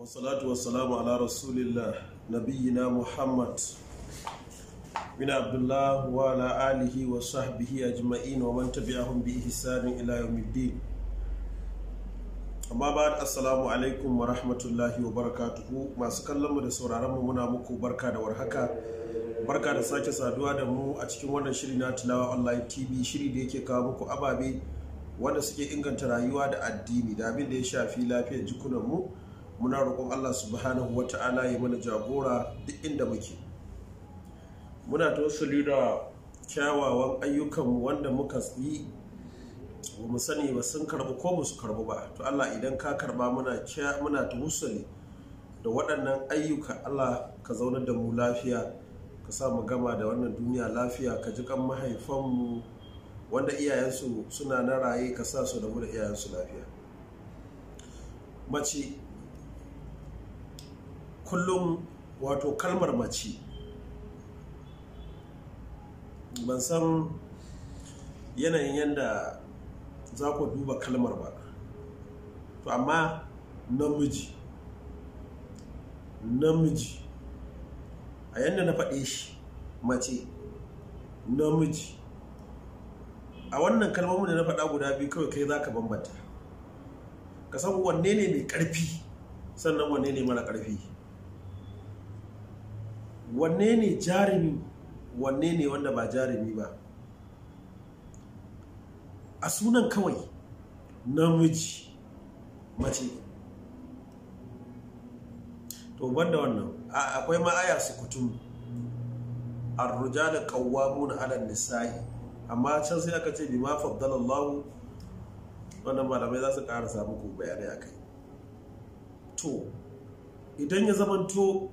wasalatu wasalamu ala rasulillah nabiyina muhammad min abdullah wa ala alihi wa sahbihi ajma'in wa man tabi'ahum bi ihsanin ila yawmiddin amma ba assalamu alaikum wa rahmatullahi wa barakatuhu masu kallon mu da sauraron mu muna muku barka da warhaka barka da sake saduwa da mu a cikin wannan shiri na tilawa online tv shiri da yake kawo muku ababe wanda suke inganta rayuwa da addini da abin da ya shafi lafiyar jikunan mu muna roƙon Allah subhanahu wa ta'ala ya mana jagora duk inda muke muna tawassuli da kyawawan ayyukan wanda muka yi ba mu sani ba sun karɓi ko ba su karɓi ba to Allah idan ka karba muna kya muna da waɗannan ayyuka Allah ka zaunar da mu lafiya ka sa mu gama da wannan duniya lafiya ka ji kan mahaifanmu wanda iyayensu suna na raye ka sa su da mu da iyayensu lafiya mace kullum wato kalmar mace ban san yanayin yadda za ku duba kalmar ba to amma namiji namiji a yadda na faɗe shi mace namiji a wannan kalmar da na faɗa guda biyu kawai kai za ka bambanta ka san wanne ne mai ƙarfi sannan wanne ne mara ƙarfi wanne ne jarumi wanne ne wanda ba jarumi ba a sunan kawai namiji mace to banda wannan akwai ma'aya su kutum ar-rijalu qawwamuna 'ala nisai amma can sai aka ce bima faddala Allah wannan malamai za su ƙara samu ku bayanai kai. to idan ya zamanto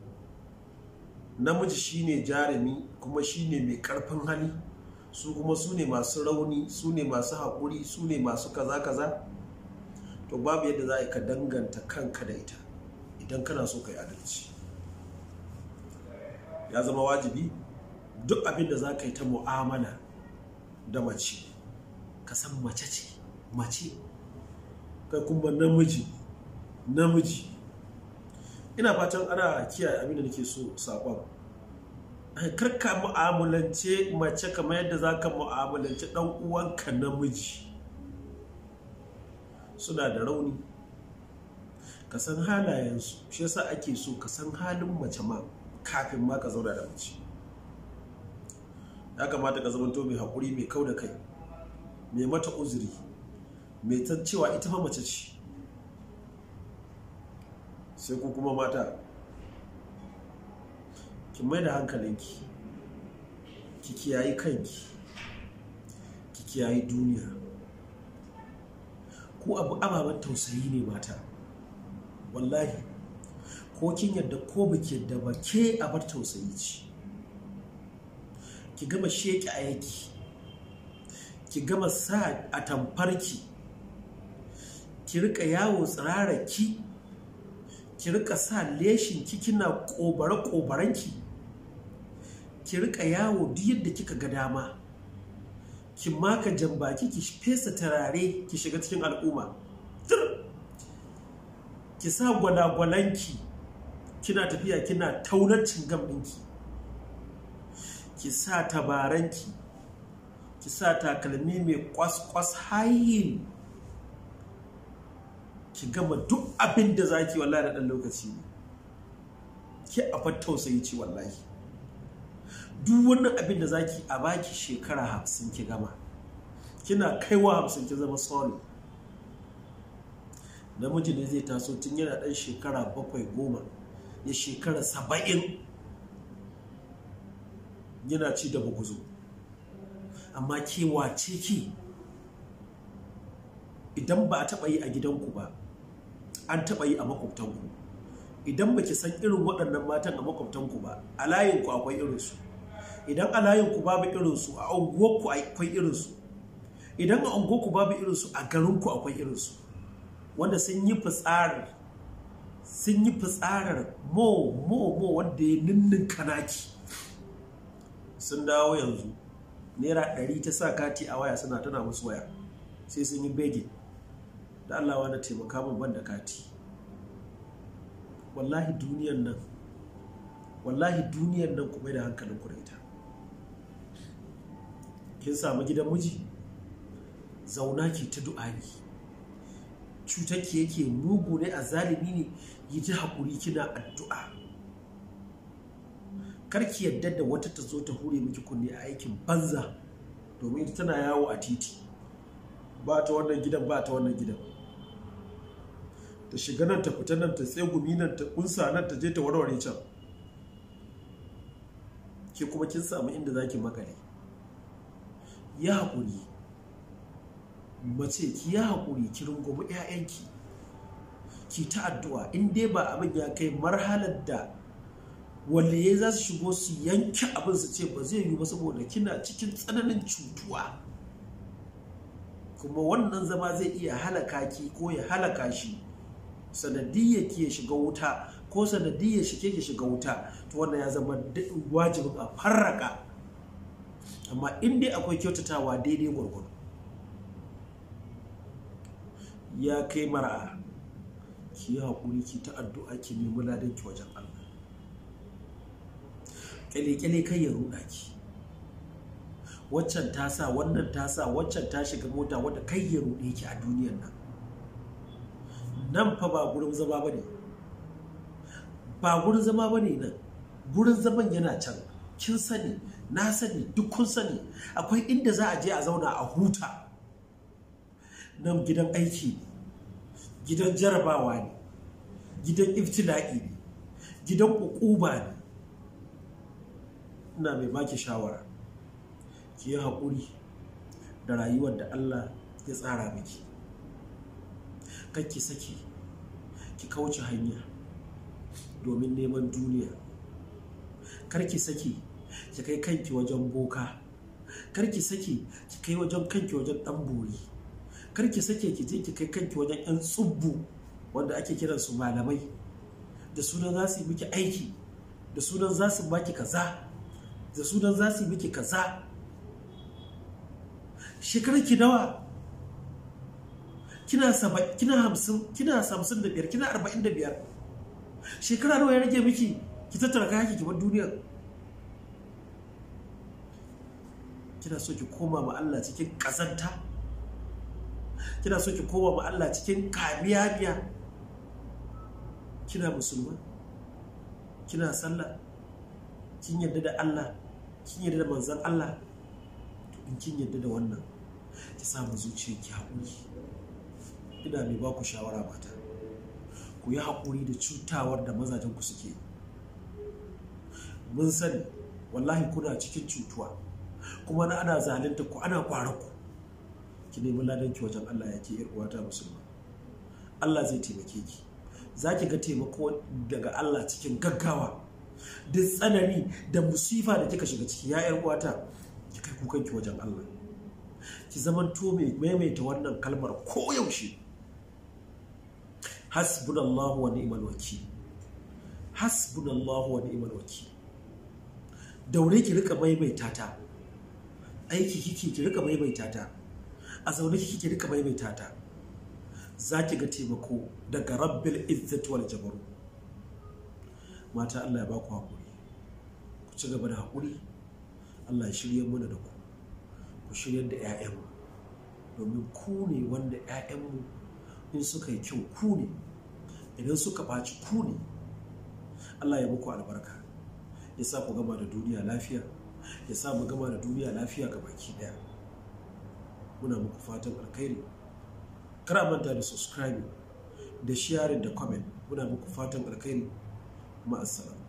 namiji shine jarumi kuma shine mai karfin hali su kuma su ne masu rauni su ne masu haƙuri su ne masu kaza-kaza to babu yadda za a ka danganta kanka da ita idan kana so ka yi adalci ya zama wajibi duk abin da za ka yi ta mu'amala da mace ka san mace ce mace kai kuma namiji namiji ina fatan ana kiyaye abin da nake so sakon eh, ka mu'amulance mace kamar yadda za ka mu'amulance ɗan uwanka namiji suna da rauni ka san halayensu shi yasa ake so ka san halin mace ma kafin ma ka zauna da mace ya kamata ka zamanto mai haƙuri mai kau da kai mai mata uzuri mai cewa ita ma mace ce sai ku kuma mata ki mai da hankalinki ki kiyayi kanki ki kiyayi duniya ku abu ababen tausayi ne mata wallahi ko kin yadda ko ba da yadda ba ke abar tausayi ce ki gama sheki a yaki ki gama sa a tamfarki ki rika yawo tsirara ki ki rika sa leshin ki kina kobare kobaranki ki rika yawo duk yadda kika ga dama ki maka jambaki ki fesa turare ki shiga cikin al'umma ki sa gwalagwalanki kina tafiya kina taunar cingam ɗinki ki sa tabaranki ki sa takalmi mai kwas-kwas hayin. ki gama duk abin da za ki wallahi da ɗan lokaci ne ki a tausayi ci wallahi duk wannan abin da za ki a baki shekara hamsin ki gama kina kaiwa hamsin ki zama solid namiji ne zai taso tun yana ɗan shekara bakwai goma ya shekara saba'in yana ci da buguzo amma ke wace ki idan ba a taɓa yi a gidanku ba an taɓa yi a makwabtanku idan ba ki san irin waɗannan matan a makwabtanku ba a layinku akwai irinsu idan a layinku babu irinsu a unguwarku akwai irinsu idan a unguwarku babu irinsu a garinku akwai irinsu wanda sun yi fitsarar sun yi fitsarar mo mo mo wanda ya ninnin kanaki sun dawo yanzu naira ɗari ta sa kati a waya suna tana musu waya sai sun yi begin da Allah na taimaka ma ban da kati wallahi duniyar nan wallahi duniyar nan kuma da hankalin ku da kin samu gidan miji zauna ki ta du'ani cutar ki yake mugu ne a zalimi ne yi ta haƙuri kina addu'a karki yadda da wata ta zo ta hure miki kunne a aikin banza domin tana yawo a titi ba ta wannan gidan ba ta wannan gidan ta shiga nan ta fita nan ta tsegumi nan ta kunsa nan ta je ta warware can ke kuma kin samu inda zaki makare ya haƙuri mace ki ya haƙuri ki rungumi 'ya'yanki ki ta addu'a in dai ba abin ya kai marhalar da ya za su shigo su yanke abin su ce ba zai yi ba saboda kina cikin tsananin cutuwa kuma wannan zama zai iya halaka ki ko ya halaka shi sanadiyya ki ya shiga wuta ko sanadiyya shike ki shiga wuta to wannan ya zama wajibin a farraka amma in dai akwai kyautatawa daidai gwargwado ya kai mara, ki yi haƙuri ki ta addu'a ki nemi ladan ki wajen Allah kyale-kyale kai ya ruɗa ki waccan ta sa wannan ta sa waccan ta shiga mota wadda kai ya ruɗe ki a duniyar nan nan fa ba gurin zama ba ba gurin zama ba nan gurin zaman yana can kin sani na sani duk kun sani akwai inda za a je a zauna a huta nan gidan aiki ne gidan jarabawa ne gidan iftila'i ne gidan ukuba ne ina mai baki shawara ki yi haƙuri da rayuwar da Allah ya tsara miki ki saki ki kauce hanya domin neman duniya kar ki saki ki kai kanki wajen boka kar ki saki ki kai wajen kanki wajen dan bori kar ki sake ki je ki kai kanki wajen yan tsubbu wanda ake kiran su malamai da sunan za su yi miki aiki da sunan za su baki kaza da sunan za su yi miki kaza shekarar ki nawa kina saba kina hamsin kina hamsin da biyar kina arba'in da biyar shekara nawa ya rage miki ki tattara kayan ki bar duniyar kina so ki koma ma Allah cikin kazanta kina so ki koma ma Allah cikin kamiya biya kina musulma kina sallah kin yarda da Allah kin yarda da manzon Allah to in kin yarda da wannan ki samu zuciyarki haƙuri ina mai ba ku shawara mata ku yi haƙuri da cutawar da mazajen ku suke mun sani wallahi kuna cikin cutuwa kuma na ana zalunta ku ana ƙwarar ku ki nemi ladanki wajen Allah ya ke uwata musulma Allah zai taimake ki za ki ga taimako daga Allah cikin gaggawa duk tsanani da musifa da kika shiga ciki ya yar uwata ki kai kukanki wajen Allah ki zama to mai maimaita wannan kalmar koyaushe hasbunallahu wa ni'mal wakil hasbunallahu wa ni'mal wakil daure ki rika maimaita ta aiki kike ki rika maimaita ta a zaune kike ki rika maimaita ta zaki ga taimako daga rabbil izzati wal mata Allah ya baku hakuri ku ci gaba da hakuri Allah ya shirye mana da ku ku shiryar da 'ya'yanmu domin ku ne wanda 'ya'yanmu in suka yi kyau ku ne idan suka ɓaci ku ne Allah ya muku albarka ya sa ku gama da duniya lafiya ya sa mu gama da duniya lafiya ga baki daya muna muku fatan alkhairi kar a manta da subscribe da sharing da comment muna muku fatan alkhairi assalamu